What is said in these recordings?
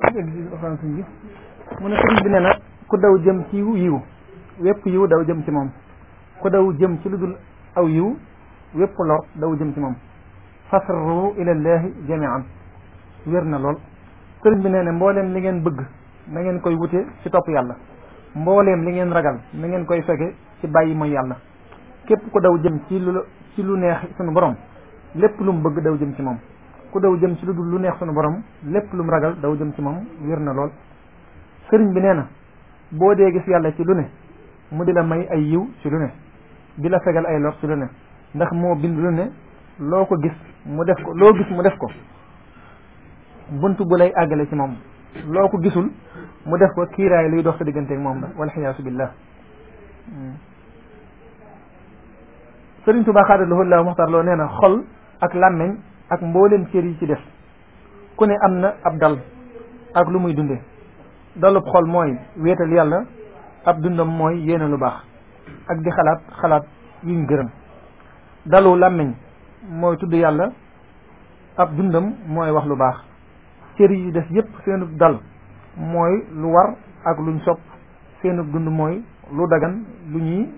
mu ne sëriñ bi ne na ku daw jëm ci yiw wépp yiw daw jëm ci moom ku daw jëm ci lu dul aw yiw wépp lor daw jëm ci moom fasru ila llahi am wér na lool sëriñ bi nee ne mbooleem li ngeen bëgg na ngeen koy wute ci topp yàlla mbooleem li ngeen ragal na ngeen koy fege ci bàyyi mooy yàlla képp ku daw jëm ci lu lu neex sunu borom lépp lu mu bëgg daw jëm ci moom ku daw jëm ci lu dul lu neex sunu borom lépp lu ragal daw jëm ci moom wér na lool sëriñ bi nee na boo dee gis yàlla ci lu ne mu di la may ay yiw ci lu ne di la fegal ay lor ci lu ne ndax moo bind lu ne loo ko gis mu def ko loo gis mu def ko bunt bu lay àggale ci moom loo ko gisul mu def ko kiiraay luy dox sa digganteeg moom la walxiyaasu billah sëriñ Tuubaa xaadalahullahu muxtar loo nee na xol ak làmmeñ ak mboolem cër yi ci def ku ne am na ab dal ak lu muy dunde dalub xool mooy wéetal yàlla ab dundam mooy yéene lu baax ak di xalaat xalaat yuñ gërëm dalu làmmiñ mooy tudd yàlla ab dundam mooy wax lu baax cër yi des yépp seenu dal mooy lu war ak luñ sopp seenu dund mooy lu dagan lu ñuy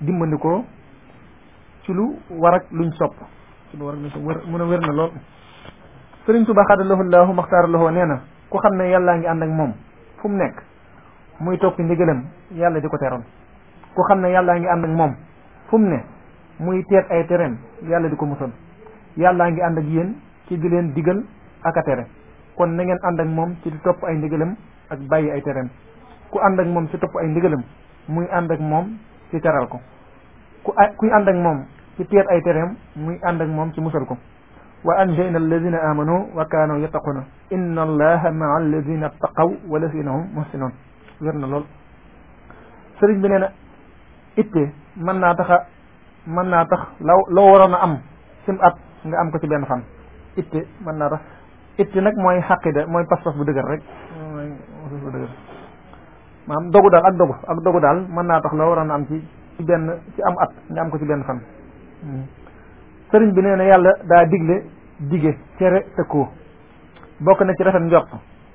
dimbandikoo ci lu war ak luñ sopp suñu war na su mun a wér na lool sëriñ Tuubaa xadalahu laahu maxtaara na ku xam ne yàllaa ngi ànd ak moom fu mu nekk muy topp ndigalam yàlla di ko teroon ku xam ne yàllaa ngi ànd ak moom fu mu ne muy teet ay tereem yàlla di ko musoon yàllaa ngi ànd ak yéen ci di leen digal ak a tere kon na ngeen ànd ak moom ci topp ay ndigalam ak bàyyi ay tereem ku ànd ak moom ci topp ay ndigalam muy ànd ak moom ci teral ko ku kuy ànd ak moom ci teer ay tereem muy ànd ak moom ci musal ko wa anjayna alladina amanu wa kaanu yattaquna inna allaha maa alladina taqaw wa lazina hum muhsinoon wér na lool sëriñ bi nee na itte mën naa taxa mën naa tax law loo waroon a am sim at nga am ko ci benn fan itte mën naa tax itte nag mooy xaqida mooy pas-pas bu dëgër rek mooy pas-pas bu dëgër maanaam dogu daal ak dogu ak dogu daal mën naa tax loo waroon a am ci ci benn ci am at nga am ko ci benn fan Hmm. sëriñ bi nee na yàlla daa digle dige cere te bokk na ci rafet njort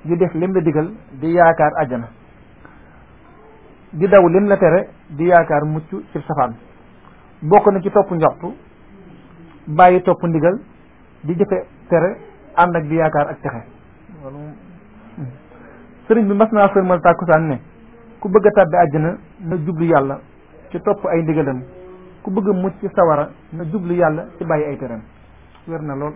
di def lim la digal di yaakaar àjjana di daw lim la tere di yaakaar mucc ci safaan bokk na ci topp njort bàyyi topp ndigal di jëfe tere ànd ak di yaakaar ak texe hmm. sëriñ bi mas naa sërmal tàkkusaan ne ku bëgg a tàbbi àjjana na jublu yàlla ci topp ay ndigalam ku bëgg a mucc ci sawara na jublu yàlla ci bàyyi ay teram wér na lool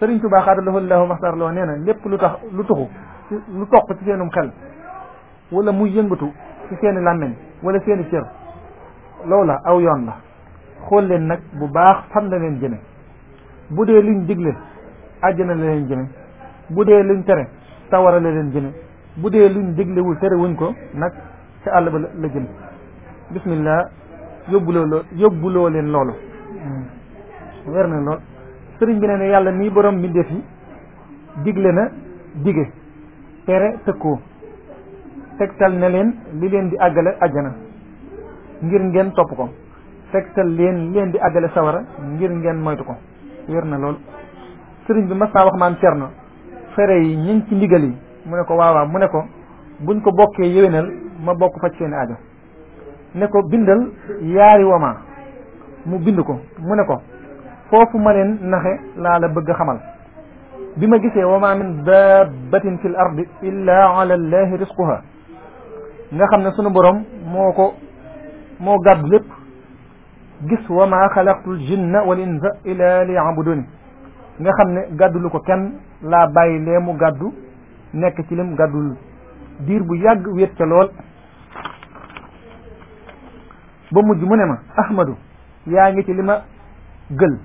sëriñ Tuubaa xaadalafa laahu maxtaar loo nee na lépp lu tax lu tuxu lu toq ci seenum xel wala muy yëngatu ci seeni làmmeñ wala seeni cër loola aw yoon la xool leen nag bu baax fan la leen jëme bu dee luñ digle àjjana la leen jëme bu dee luñ tere sawara la leen jëme bu dee luñ diglewul terewuñ ko nag ca àll ba la jëm bismillah yóbbuloo loo yóbbuloo leen loolu weer na lool sëriñ bi ne ne yàlla nii boroom mi def yi digle na dige tere tëkkoo tegtal na leen li leen di àggale ajjana ngir ngeen topp ko tegtal leen li leen di àggale sawara ngir ngeen moytu ko weer na lool sëriñ bi mas naa wax maam cerno fere yi ñu ci ndigal yi mu ne ko waawaaw mu ne ko buñ ko bokkee yéwénal ma bokk faj seen aajo ne ko bindal yaari wama mu bind ko mu ne ko foofu ma leen naxe laa la bëgg xamal bi ma gisee wama min dabbatin fil ardi illa ala risquha nga xam ne sunu borom moo ko moo gàddu lépp gis wa ma jinna wal insa li abuduni nga xam ne gàddulu ko kenn laa bàyyi lee mu gàddu nekk ci lim gàddul diir bu yàgg wéet ca lool ba mujj mu ne ma ahmadu yaa ngi ci li ma gël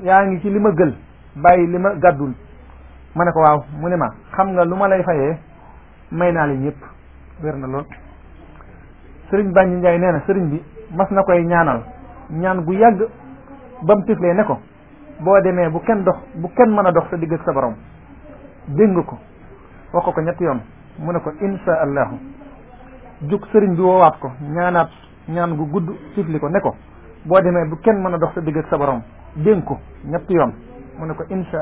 yaa ngi ci li ma gël bàyyi li ma gàddul ma ne ko waaw mu ne ma xam nga lu ma lay fayee may naa leen yëpp wér na lool sëriñ Bàññi Njaay nee na sëriñ bi mas na koy ñaanal ñaan gu yàgg ba mu tiflee ne ko boo demee bu kenn dox bu kenn mën a dox sa digg ak sa borom dégg ko wax ko ñetti yoon mu ne ko insha allahu jug sëriñ bi woowaat ko ñaanaat ñaan gu gudd tifli ko ne ko boo demee bu kenn mën a dox sa digg ak sa borom dénk ko ñetti yoon mu ne ko insha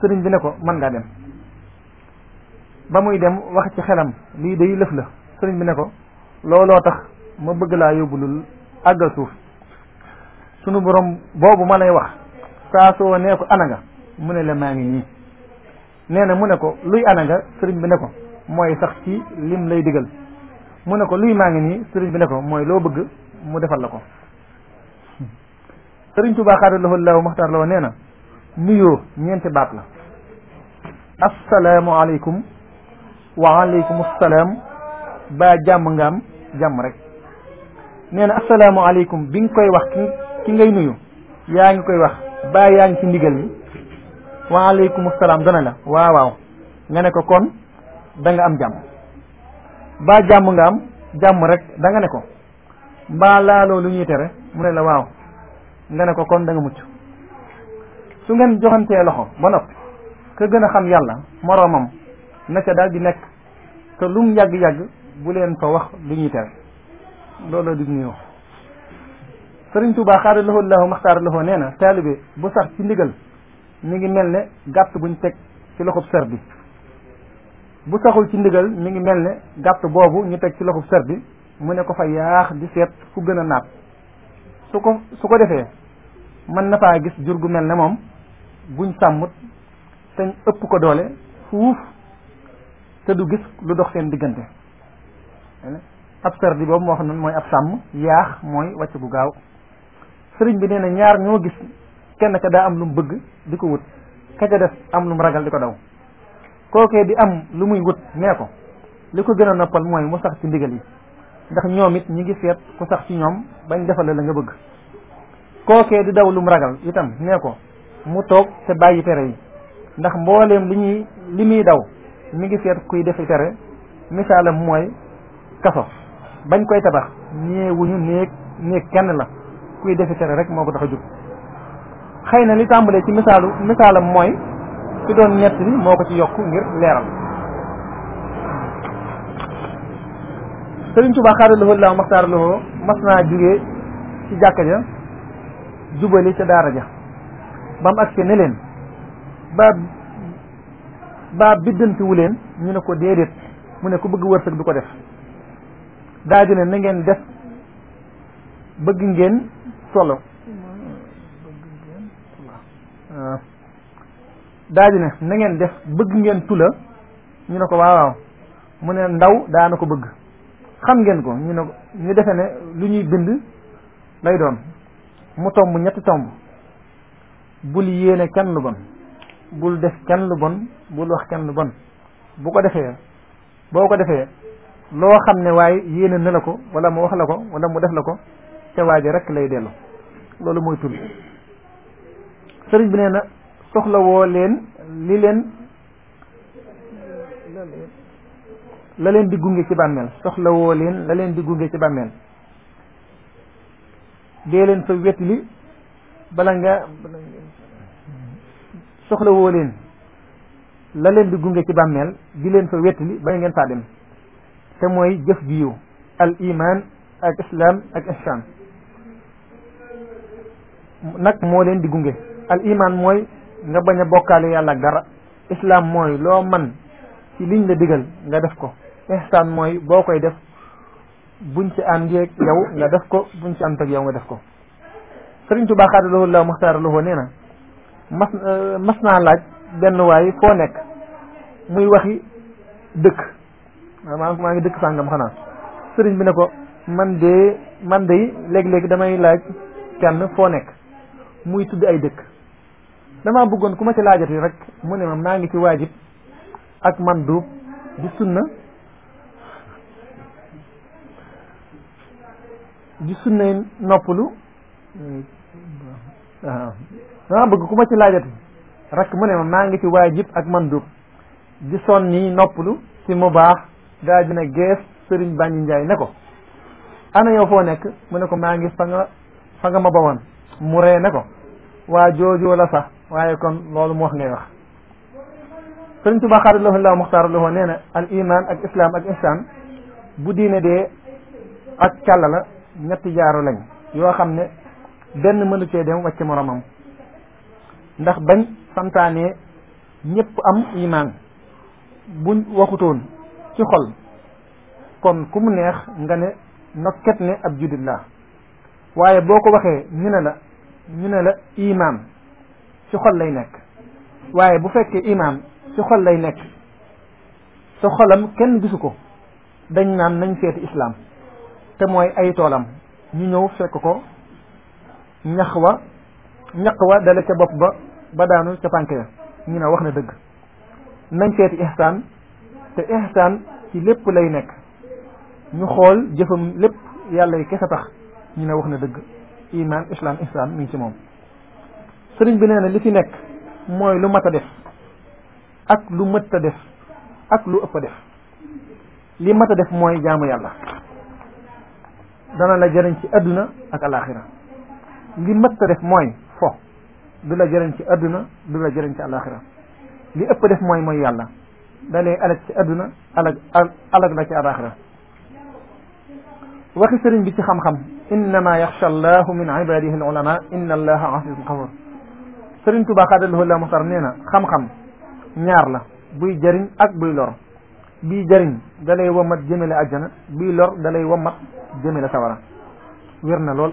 sëriñ bi ne ko mën ngaa dem ba muy dem wax ci xelam lii day lëf la sëriñ bi ne ko looloo tax ma bëgg laa yóbbulul àggal suuf sunu borom boobu ma lay wax saa soo nee ko ana nga mu ne la maa ngi nii nee na mu ne ko luy ana nga sëriñ bi ne ko mooy sax ci lim lay digal mu ne ko luy maa ngi nii sëriñ bi ne ko mooy loo bëgg mu defal la ko sëriñ Tuubaa xaadaloxo laaw maxtaar la nee na nuyoo ñeenti baat la assalaamu aleykum wa aleykum assalaam ba jàmm nga am jàmm rek nee na assalaamu aleykum bi nga koy wax ki ki ngay nuyu yaa ngi koy wax ba yaa ngi ci ndigal li wa aleykum assalaam dana la waaw waaw nga ne ko kon da am jàmm baa jàmm nga am jàmm rek da nga ne ko mbaa laaloo lu ñuy tere mu ne la waaw nga ne ko kon da nga mucc su ngeen joxantee loxo ba noppi ka gën a xam yàlla moroomam na ca daal di nekk te lum yàgg-yàgg bu leen fa wax lu ñuy tere loolu dig ñuy wax sëriñ Tuubaa xaada loxo lahu maxtaar loxo nee na taalibe bu sax ci ndigal mu ngi mel ne gàtt bu buñ teg ci loxob ser bi bu saxul ci ndigal mi ngi mel ne gàtt boobu ñu teg ci loxub sër bi mu ne ko fa yaax di seet fu gën a naat su ko su ko defee mën na faa gis jur gu mel ne moom buñ sàmmut te ëpp ko doole fuuf te du gis lu dox seen diggante ab sër bi boobu moo xam ne mooy ab sàmm yaax mooy wàcc gu gaaw sëriñ bi nee na ñaar ñoo gis kenn ka daa am lu mu bëgg di ko wut ka ca def am lu mu ragal di ko daw kookee di am lu muy wut nee ko li ko gën a noppal mooy mu sax ci ndigal yi ndax ñoom it ñu ngi seet ku sax ci ñoom bañ defal la nga bëgg kookee di daw lu mu ragal itam nee ko mu toog te bàyyi tere yi ndax mbooleem li ñuy li muy daw mi ngi seet kuy defi tere misaalam mooy kaso bañ koy tabax ñeewuñu néeg néeg kenn la kuy defi tere rek moo ko tax a jóg xëy na li tàmbalee ci misaalu misaalam mooy ki doon ñett li moo ko ci yokk ngir leeral Sëriñ Tuubaa xaada loxo laaw maxtaar loxo mas naa jóge ci jàkka ja jubali ca daara ja ba mu agsi ne leen ba ba biddantiwu leen ñu ne ko déedéet mu ne ku bëgg wërsëg du ko def daa ne na ngeen def bëgg ngeen solo daaji ne na ngeen def bëgg ngeen tula ñu ne ko waaw waaw mu ne ndaw daana ko bëgg xam ngeen ko ñu ne ñu defe ne lu ñuy bind lay doon mu tomb ñetti tomb bul yéene kenn lu bon bul def kenn lu bon bul wax kenn lu bon bu ko defee boo ko defee loo xam ne waaye yéene na la ko wala mu wax la ko wala mu def la ko ca waaji rek lay dellu loolu mooy tul sëriñ bi nee na soxlawoo leen li leen la leen di gunge ci bàmmeel soxlawoo leen la leen di gunge ci bàmmeel dee leen wet li bala nga soxlawoo leen la leen di gunge ci bàmmeel di leen wet wetli ba ngeen faa dem te mooy jëf gi yow al iman ak islam ak ihsan nag moo leen di gunge al iman mooy nga bañ a bokkaale yàlla ak dara islam mooy loo man ci liñ la digal nga def ko ihsaan mooy boo koy def buñ ci àndeeg yow nga def ko buñ ci ànd ak nga def ko sëriñ Tuubaa xaadalohu la muxtaaralohu nee na mas euh, mas naa laaj benn waay foo nekk muy waxi dëkk maa maa ngi dëkk sàngam xanaa sëriñ bi ne ko man de léeg-léeg damay laaj kenn foo nekk muy tudd ay dëkk dama bëggoon ku ma ci laajati rek mu ne ma maa ngi ci waajib ak man du du sunna di sunnay noppalu waaw ah. damaa bëgg ku ma ci laajati rek mu ne ma maa ngi ci waajib ak man du di son ni noppalu ci mu baax daa dina gees sëriñ bàññi njaay ne ko ana yow foo nekk mu ne ko maa ngi fa nga fa nga ma bawoon mu ree ne ko waa jooju la sax waaye kon loolu mu wax ngay wax sëriñ Tuubaa xaadalohu laa muxtaara lahu nee na al iman ak islam ak ihsan bu diine de ak càlla la ñetti jaaru lañ yoo xam ne benn mënu cee dem wàcc moromam ndax bañ santaanee ñëpp am iman buñ waxutoon ci xol kon ku mu neex nga ne nokket ne ab judit waaye boo ko waxee ñu ne la ñu ne la iman ci xol lay nekk waaye bu fekkee imaam ci xol lay nekk te xolam kenn gisu ko dañ naan nañ seeti islaam te mooy ay toolam ñu ñëw fekk ko ñax wa ñaq wa dale ca bopp ba ba daanu ca pànk ya ñu ne wax na dëgg nañ seeti ihsaan te ihsaan ci lépp lay nekk ñu xool jëfam lépp yàlla yi kese tax ñu ne wax na dëgg iman islam ihsaan mi ngi ci moom sëriñ bi nee na li fi nekk mooy lu mat a def ak lu mët a def ak lu ëpp a def li mat a def mooy jaamu yàlla dana la jëriñ ci àdduna ak alaxira li mët a def mooy fo du la jëriñ ci àdduna du la jëriñ ci alaxira li ëpp a def mooy mooy yàlla da lay alag ci àdduna alag alag la ci alaxira waxi sëriñ bi ci xam-xam innama yaxsha allahu min ibadihi al ulama inna allaha azizun xafur Sëriñ Tuubaa xaadaloxo la muxtar nee na xam-xam ñaar la buy jariñ ak buy lor bii jariñ dalay wommat jëmale ajjana bii lor dalay wommat jëmale sawara wér na lool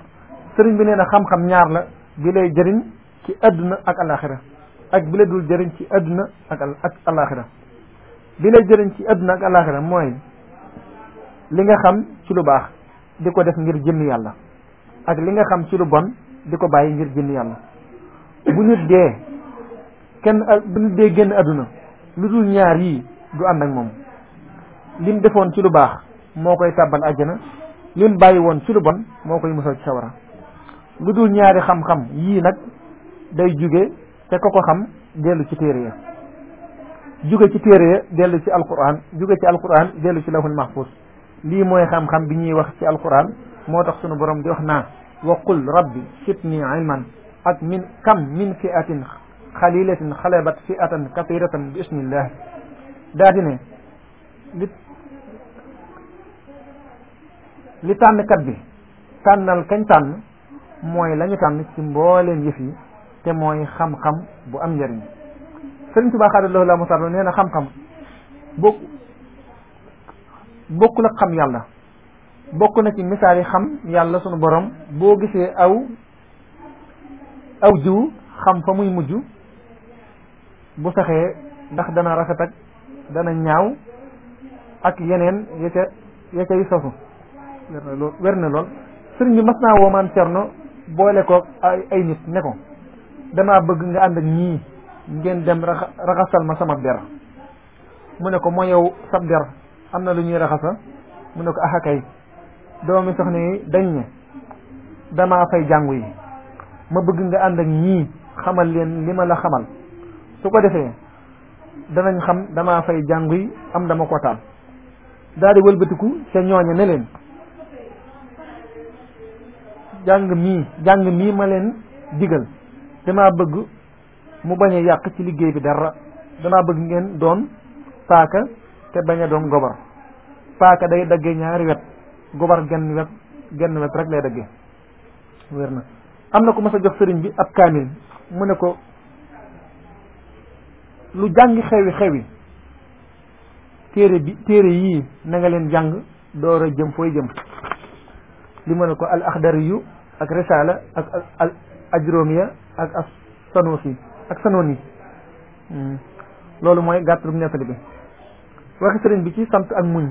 sëriñ bi nee na xam-xam ñaar la bi lay jëriñ ci àdduna ak alaxira ak bi la dul jëriñ ci àdduna ak ak bi lay jëriñ ci àdduna ak alaxira mooy li nga xam ci lu baax di ko def ngir jëmmi yàlla ak li nga xam ci lu bon di ko bàyyi ngir jëmmi yàlla bu nit dee kenn bu nit dee génn àdduna lu dul ñaar yii du ànd ak moom lim defoon ci lu baax moo koy tàbbal àjjana lim bàyyi woon ci lu bon moo koy musal ci sawara lu dul ñaari xam-xam yii nag day jóge te ko ko xam dellu ci téere ya jóge ci téere ya dellu ci alquran jóge ci alquran dellu ci lahul mahfuz lii mooy xam-xam bi ñuy wax ci alquran moo tax sunu borom di wax naa wa qul rabbi sitni ilman ak min kam min fi atin xalilatin xalabat fi atan kathiratan bi ismillah daa li tànnkat bi tànnal kañ tànn mooy la ñu tànn ci mbooleem yëf yi te mooy xam-xam bu am njëriñ Sëriñ Tuubaa xaadallahu la musaar nee na xam-xam bokk bokkul ak xam yàlla bokk na ci misaal yi xam yàlla sunu borom boo gisee aw aw jiw xam fa muy mujj bu saxee ndax dana rafet ak dana ñaaw ak yeneen ya ca ya cay sosu wér na lool wer na lool sëriñ bi mas naa woo Cerno boole ko ay nit ne ko damaa bëgg nga ànd ak ñii ngeen dem raxasal ma sama der mu ne ko moo yow sab der am na lu ñuy raxasa mu ne ko axakay doomi soxna yi dañ ne damaa fay jàngu yi ma bëgg nga ànd ak ñii xamal leen li ma la xamal su ko defee danañ xam damaa fay jàngu yi am dama ko taal daal di wëlbatiku ca ñooña ne leen jàng mii jàng mii ma leen digal damaa bëgg mu bañ yàq ci liggéey bi dara damaa bëgg ngeen doon paaka te bañ a doon gobar paaka day dagge ñaari wet gobar genn wet genn wet rek lay dagge na am na ko mas jox sëriñ bi ab kaamil mu ne ko lu jàngi xewi xewwi téere bi téere yii na leen jàng door a jëm fooy jëm li mu ne ko al axdari yu ak risaala ak al ajromiya ak ak sanosi ak sanoon yi hmm. loolu mooy gàttalum nettali bi waxi sëriñ bi ci sant ak muñ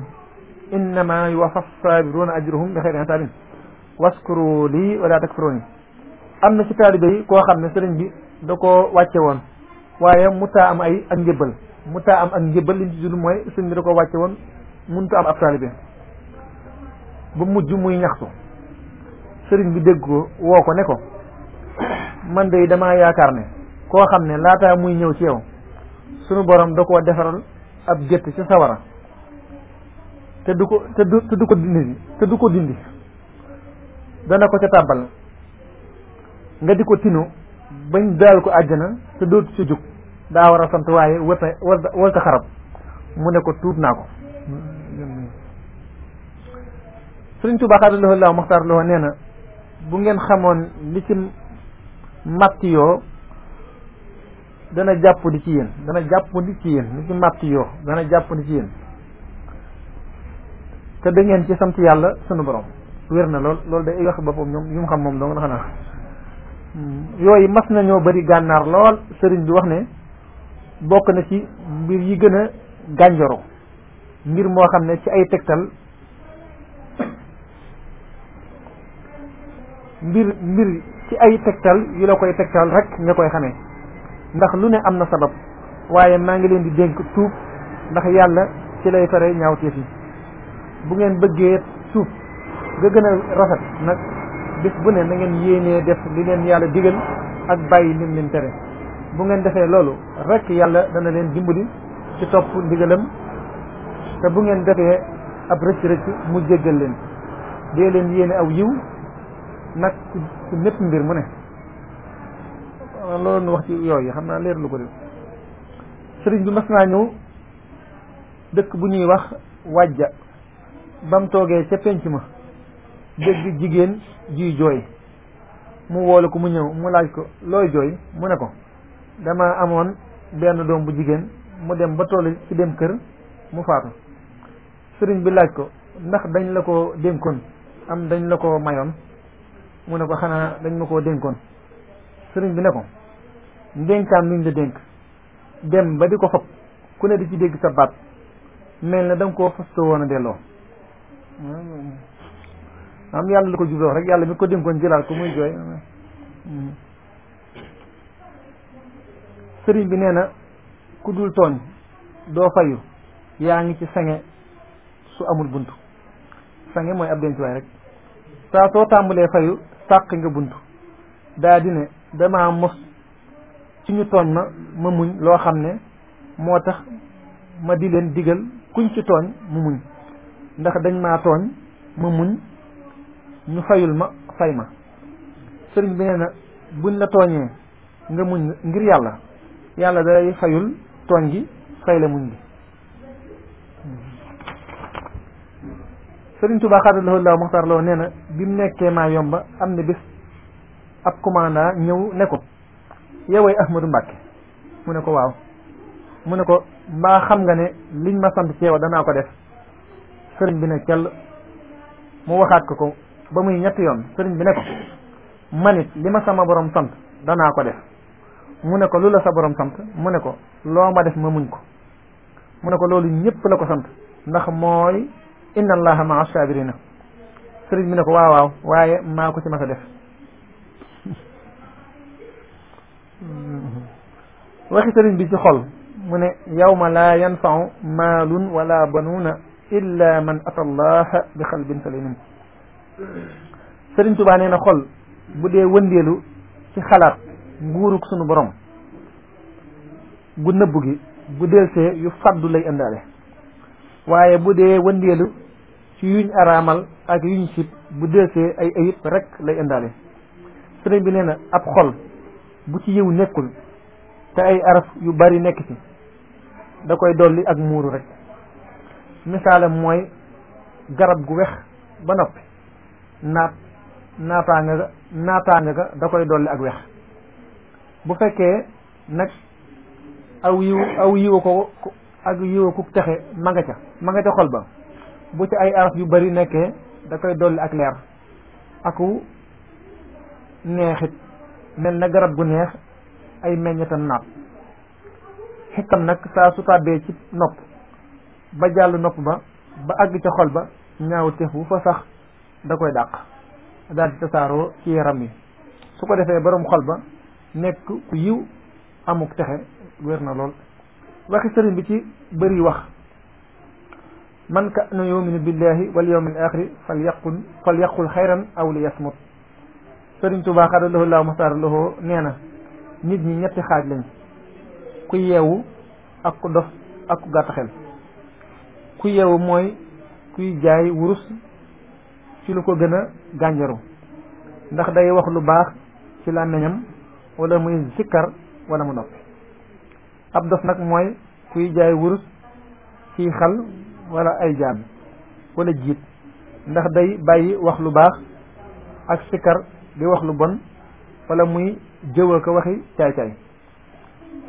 innama yuwafa sabiruuna ajruhum bi xeyri xisaabin waskuru lii wala takfuruuni am na ci taalibe yi koo xam ne sëriñ bi da koo wàcce woon waaye mu am ay ak njëbbal mu am ak njëbbal liñ ci jur mooy sëriñ bi da koo wàcce woon mënut am ab taalibe ba mujj muy ñaxtu sëriñ bi dégg ko woo ko ne ko man de damaa yaakaar ne koo xam ne laataa muy ñëw ci yow sunu borom da koo defaral ab gétt ci sawara te du ko te du te du ko dindi te du ko dindi dana ko ca tàbbal nga di ko tinu bañ daal ko àjjana te dootu ci jóg daa war a sant waaye warta warta xarab mu ne ko tuut naa ko sëriñ Tuubaa xaadaloxo laaw maxtaar loxo nee na bu ngeen xamoon li ci màtt yoo dana jàpp di ci yéen dana jàpp di ci yéen li ci màtt yoo dana jàpp di ci yéen te da ci sant yàlla sunu borom wér na lool loolu day wax boppam ñoom yu mu xam moom dong na Hmm. yooyu mas nañoo bari gànnaar lool sëriñ bi wax ne bokk na ci mbir yi gën a gànjoro mbir moo xam ne ci ay tegtal mbir mbir ci ay tegtal yi la koy tegtal rek nga koy xame ndax lu ne am na sabab waaye maa ngi leen di dénk tuub ndax yàlla ci lay fare ñaawteef yi bu ngeen bëggee tuub nga gën a rafet nag bis bu ne na ngeen yéenee def li leen yàlla digal ak bàyyi lim leen tere bu ngeen defee loolu rekk yàlla dana leen dimbali ci topp ndigalam te bu ngeen defee ab rëcc rëcc mu jéggal leen dee leen yéene aw yiw nag ci mépp mbir mu ne loolu nu wax ci yooyu xam naa leer lu ko def sëriñ bi mas naa ñëw dëkk bu ñuy wax wàjja bam toogee ca penc ma dégg jigéen ji jooy mu woolu ko mu ñëw mu laaj ko looy jooy mu ne ko dama amoon benn doom bu jigéen mu dem ba toll ci dem kër mu faatu sëriñ bi laaj ko ndax dañ la ko dénkoon am dañ la ko mayoon mu ne ko xanaa dañ ma koo dénkoon sëriñ bi ne ko ndénkaan luñ la dénk dem ba di ko fob ku ne di ci dégg sa baat mel na da nga koo fasto woon a delloo am yàlla la ko jubloo rek yàlla mi ko dénkoon jëlaat ko muy jooy sëriñ bi nee na ku dul tooñ doo fayu yaa ngi ci sange su amul buntu sange mooy ab dencuwaay rek saa soo tàmbalee fayu sàq nga buntu daa ne damaa mos ci ñu tooñ ma ma muñ loo xam ne moo tax ma di leen digal kuñ ci tooñ mu muñ ndax dañ maa tooñ ma muñ ñu fayul ma fay ma sëriñ bi nee buñ la tooñee nga muñ ngir yàlla yàlla day fayul tooñ gi fay la muñ gi sëriñ Tuubaa xaadalahou laaw maxtaar loo nee na bi mu nekkee maa yomba am na bis ab commandant ñëw ne ko yowey Ahmadou Mbàkke mu ne ko waaw mu ne ko mbaa xam nga ne liñ ma sant ci danaa ko def sëriñ bi ne cell mu waxaat ko ko ba muy ñetti yoon sëriñ bi ne ko manit li ma sama borom sant danaa ko def mu ne ko lu la sa borom sant mu ne ko loo ma def ma muñ ko mu ne ko loolu ñépp la ko sant ndax mooy inna allaha maa sabirina sëriñ bi ne ko waaw waaw waaye maa ko ci mas a def waxi sëriñ bi ci xol mu ne yawma laa yanfau maalun wala banuuna illa man ata allaha bi xalbin salimin Sëriñ Tuubaa nee na xol bu dee wëndeelu ci xalaat nguurug sunu borom gu nëbbu gi bu delsee yu faddu lay indaale waaye bu dee wëndeelu ci yuñ araamal ak yuñ sib bu delsee ay ayib rek lay indaale sëriñ bi nee na ab xol bu ci yiw nekkul te ay araf yu bari nekk ci da koy dolli ak muuru rekk misaalam mooy garab gu wex ba noppi naat naataanga ga naataanga ga da koy dolli ak wex bu fekkee nag aw yiw aw yiw ko ak yiw ku texe maga ca ma ca xol ba bu ci ay araf yu bari nekkee da koy dolli ak leer aku neexit mel na garab gu neex ay meññetam naat xikam nag saa su tàbbee ci nopp ba jàll nopp ba ba àgg ca xol ba ñaaw teef wu fa sax da koy dàq daal di tasaaroo ci yaram yi su ko defee borom xol ba nekk ku yiw amuk texe wér na lool waxi sëriñ bi ci bëri wax man kaana yuminu billahi wal yawmil axiri fal yàqul fal yaqul xayran aw li yasmut sëriñ Tuubaa la laahu masaara nee na nit ñi ñetti xaaj lañ ku yeewu ak ku dof ak ku gàtt xel ku yeewu mooy kuy jaay wurus ci lu ko gën a gànjaru ndax day wax lu baax ci làmmiñam wala muy sikkar walla mu noppi ab dof nag mooy kuy jaay wurus ciy xal wala ay jaan walla jiit ndax day bàyyi wax lu baax ak sikkar di wax lu bon wala muy jëwa ko waxi caay-caay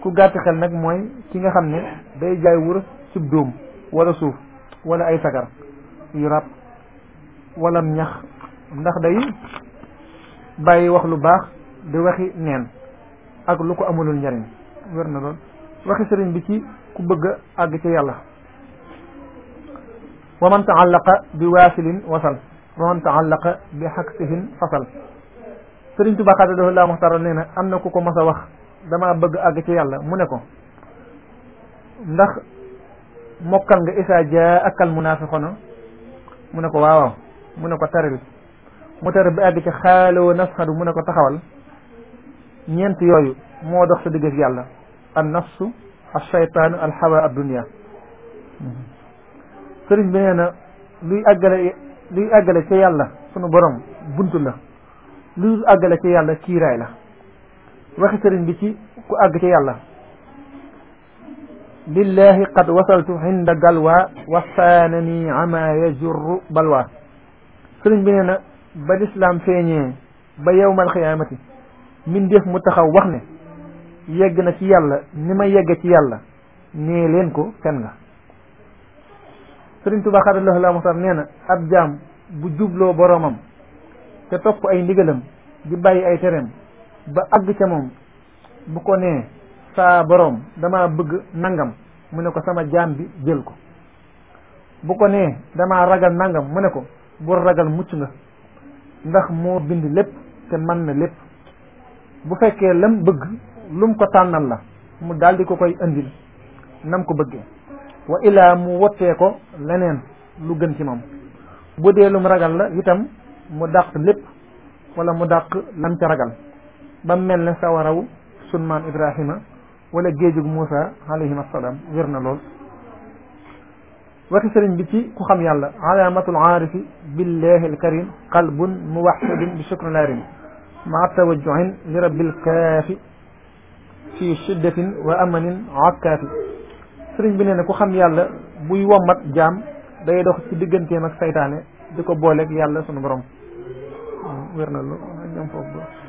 ku gàtt xel nag mooy ki nga xam ne day jaay wurus cib dóom wala suuf wala ay sagar yu ràpp walam ñax ndax day bàyyi wax lu baax di waxi neen ak lu ko amulul njariñ wér na lool waxi sëriñ bi ci ku bëgg àgg ci yàlla wa man taallaqa bi waasilin wasal wa man taallaqa bi xaksihin fasal sëriñ Tuubaa xaadalohu laa muxtaara nee na am na ku ko mas a wax dama bëgg àgg ci yàlla mu ne ko ndax mokkal nga isaa jaa akal munaafiqoona mu ne ko waawaaw mu ne ko taril mu tari bi àgg ci xaaloo nasxadu mu ne ko taxawal ñeent yooyu moo dox sa digg yàlla an nafsu al shaytaanu al hawa ad dunia sëriñ bi nee na luy àggale luy àggale ca yàlla sunu borom bunt la luy àggale ca yàlla kiiraay la waxi sëriñ bi ku àgg yàlla lillahi qad wasaanani ama yajurru balwa sëriñ bi nee na ba lislaam feeñee ba yowmal xiyaamati mbindeef mu taxaw wax ne yegg na ci yàlla ni ma yegg ci yàlla nee leen ko fen nga sëriñ Tuubaa xaadallahu la muxtar nee na ab jaam bu jubloo boroomam te topp ay ndigalam di bàyyi ay tereem ba àgg ca moom bu ko nee saa boroom dama bëgg nangam mu ne ko sama jaam bi jël ko bu ko nee damaa ragal nangam mu ne ko bul ragal mucc nga ndax moo bind lépp te mën na lépp bu fekkee lam bëgg lum ko tànnal la mu daldi ko koy indil nam ko bëggee wa ilaa mu wottee ko leneen lu gën ci moom bu dee lum ragal la itam mu dàq lépp wala mu dàq lam ca ragal ba mel ne sawaraw sunmaan Ibrahima wala géejug Muusa alayhim assalaam wér na lool waxi sëriñ bi ci ku xam yàlla alaamatul aarifi billahi alkarim qalbun muwaxidin bi shukrin larim maa tawajjuhin li rabbil kaafi fi shiddatin wa amanin akkaafi sëriñ bi nee ku xam yàlla buy wommat jaam day dox ci digganteem ak saytaane di ko booleeg yàlla sunu borom wér